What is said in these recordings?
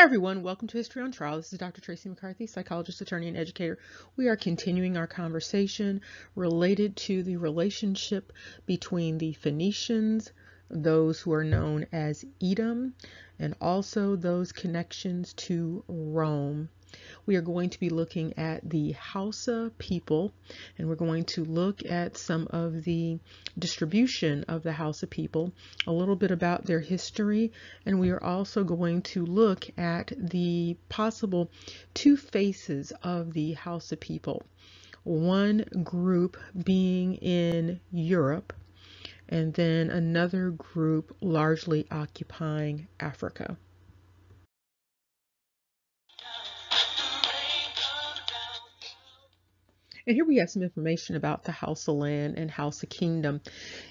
Hi, everyone. Welcome to History on Trial. This is Dr. Tracy McCarthy, psychologist, attorney, and educator. We are continuing our conversation related to the relationship between the Phoenicians, those who are known as Edom, and also those connections to Rome. We are going to be looking at the Hausa people, and we're going to look at some of the distribution of the Hausa people, a little bit about their history, and we are also going to look at the possible two faces of the Hausa people. One group being in Europe, and then another group largely occupying Africa. And here we have some information about the Hausa land and Hausa kingdom.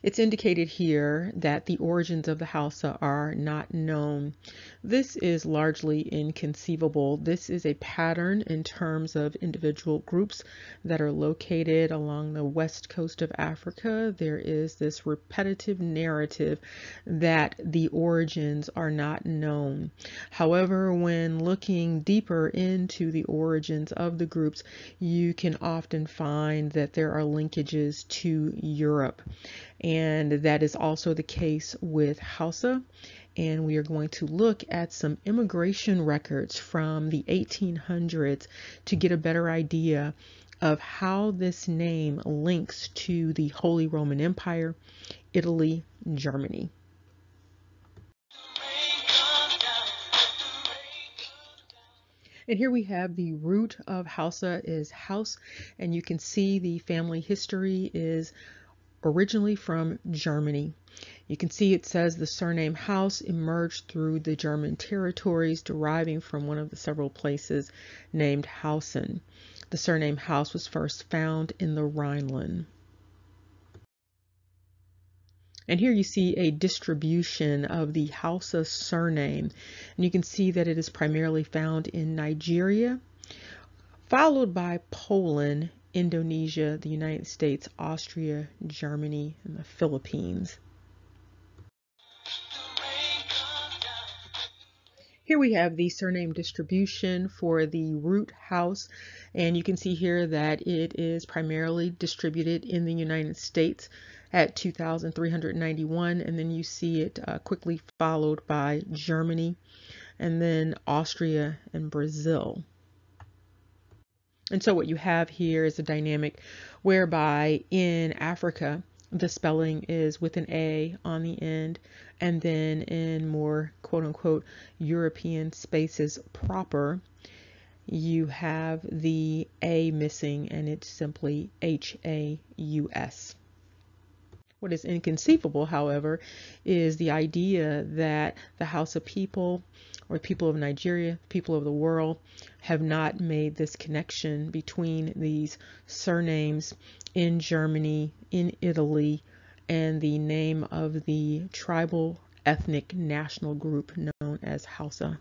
It's indicated here that the origins of the Hausa are not known. This is largely inconceivable. This is a pattern in terms of individual groups that are located along the west coast of Africa. There is this repetitive narrative that the origins are not known. However, when looking deeper into the origins of the groups, you can often often find that there are linkages to Europe. And that is also the case with Hausa. And we are going to look at some immigration records from the 1800s to get a better idea of how this name links to the Holy Roman Empire, Italy, Germany. And here we have the root of Hausa is house, and you can see the family history is originally from Germany. You can see it says the surname House emerged through the German territories deriving from one of the several places named Hausen. The surname House was first found in the Rhineland. And here you see a distribution of the Hausa surname. And you can see that it is primarily found in Nigeria, followed by Poland, Indonesia, the United States, Austria, Germany, and the Philippines. Here we have the surname distribution for the root house, and you can see here that it is primarily distributed in the United States at 2,391. And then you see it uh, quickly followed by Germany and then Austria and Brazil. And so what you have here is a dynamic whereby in Africa, the spelling is with an A on the end, and then in more quote unquote European spaces proper, you have the A missing and it's simply H A U S. What is inconceivable, however, is the idea that the Hausa people or people of Nigeria, people of the world, have not made this connection between these surnames in Germany, in Italy, and the name of the tribal ethnic national group known as Hausa.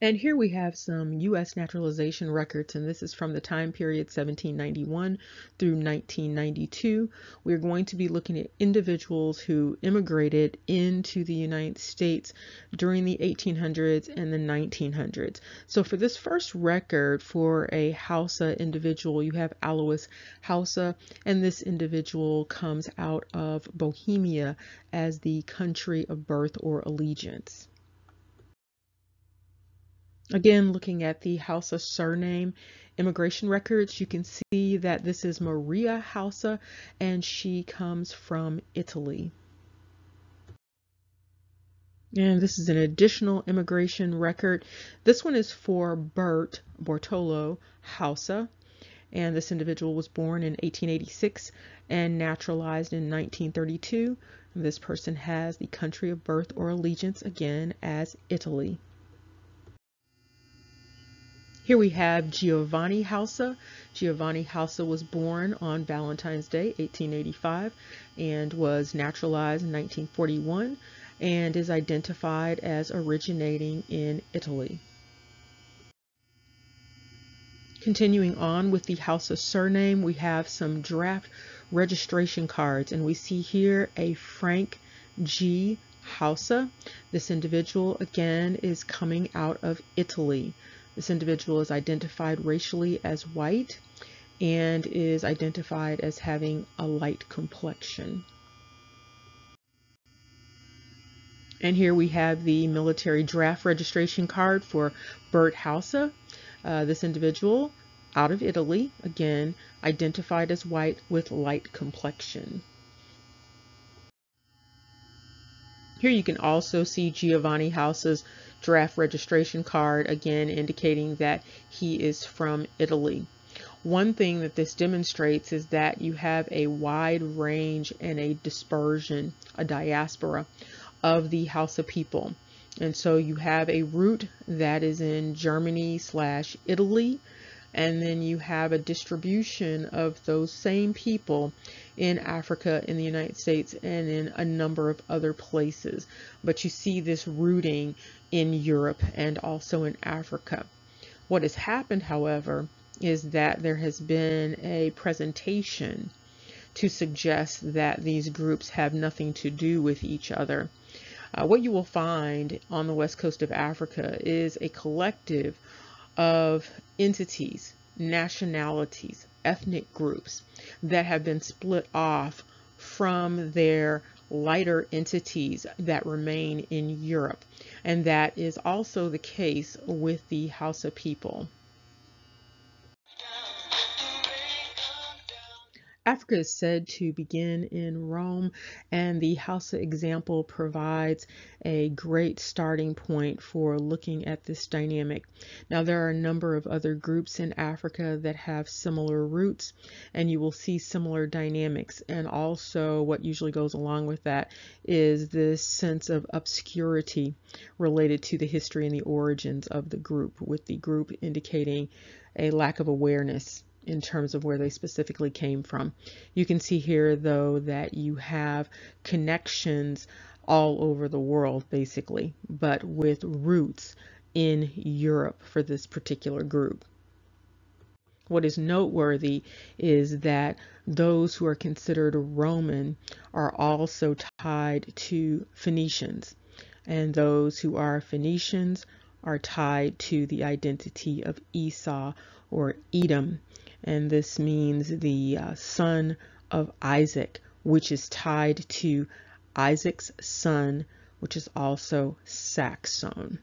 And here we have some U.S. naturalization records, and this is from the time period 1791 through 1992. We're going to be looking at individuals who immigrated into the United States during the 1800s and the 1900s. So for this first record for a Hausa individual, you have Alois Hausa, and this individual comes out of Bohemia as the country of birth or allegiance. Again, looking at the Hausa surname immigration records, you can see that this is Maria Hausa and she comes from Italy. And this is an additional immigration record. This one is for Bert Bortolo Hausa. And this individual was born in 1886 and naturalized in 1932. this person has the country of birth or allegiance again as Italy. Here we have Giovanni Hausa. Giovanni Hausa was born on Valentine's Day, 1885, and was naturalized in 1941 and is identified as originating in Italy. Continuing on with the Hausa surname, we have some draft registration cards, and we see here a Frank G. Hausa. This individual, again, is coming out of Italy. This individual is identified racially as white and is identified as having a light complexion. And here we have the military draft registration card for Bert Hausa. Uh, this individual out of Italy, again, identified as white with light complexion. Here you can also see Giovanni Hausa's draft registration card, again indicating that he is from Italy. One thing that this demonstrates is that you have a wide range and a dispersion, a diaspora of the Hausa people. And so you have a root that is in Germany slash Italy and then you have a distribution of those same people in Africa, in the United States, and in a number of other places. But you see this rooting in Europe and also in Africa. What has happened, however, is that there has been a presentation to suggest that these groups have nothing to do with each other. Uh, what you will find on the west coast of Africa is a collective of entities, nationalities, ethnic groups that have been split off from their lighter entities that remain in Europe. And that is also the case with the Hausa people. Africa is said to begin in Rome, and the Hausa example provides a great starting point for looking at this dynamic. Now, there are a number of other groups in Africa that have similar roots, and you will see similar dynamics. And also, what usually goes along with that is this sense of obscurity related to the history and the origins of the group, with the group indicating a lack of awareness in terms of where they specifically came from. You can see here though that you have connections all over the world basically, but with roots in Europe for this particular group. What is noteworthy is that those who are considered Roman are also tied to Phoenicians, and those who are Phoenicians are tied to the identity of Esau or Edom, and this means the uh, son of Isaac, which is tied to Isaac's son, which is also Saxon.